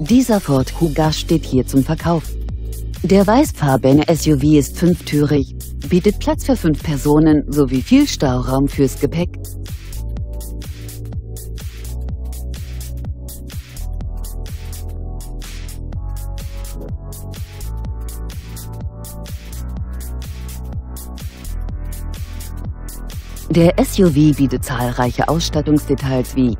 Dieser Ford Kuga steht hier zum Verkauf. Der weißfarbene SUV ist fünftürig, bietet Platz für fünf Personen sowie viel Stauraum fürs Gepäck. Der SUV bietet zahlreiche Ausstattungsdetails wie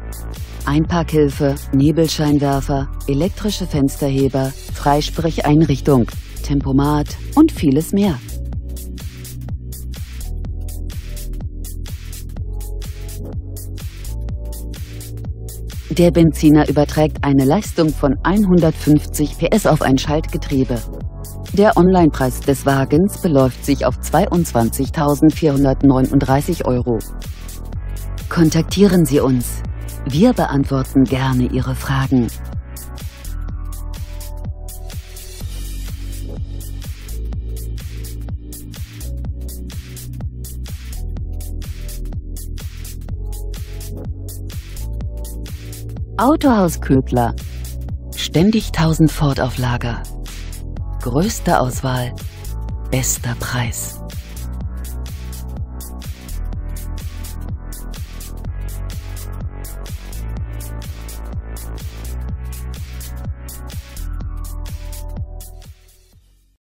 Einparkhilfe, Nebelscheinwerfer, elektrische Fensterheber, Freisprecheinrichtung, Tempomat und vieles mehr. Der Benziner überträgt eine Leistung von 150 PS auf ein Schaltgetriebe. Der Onlinepreis des Wagens beläuft sich auf 22.439 Euro. Kontaktieren Sie uns. Wir beantworten gerne Ihre Fragen. Autohaus Ködler. Ständig 1000 Ford auf Lager. Größte Auswahl, bester Preis.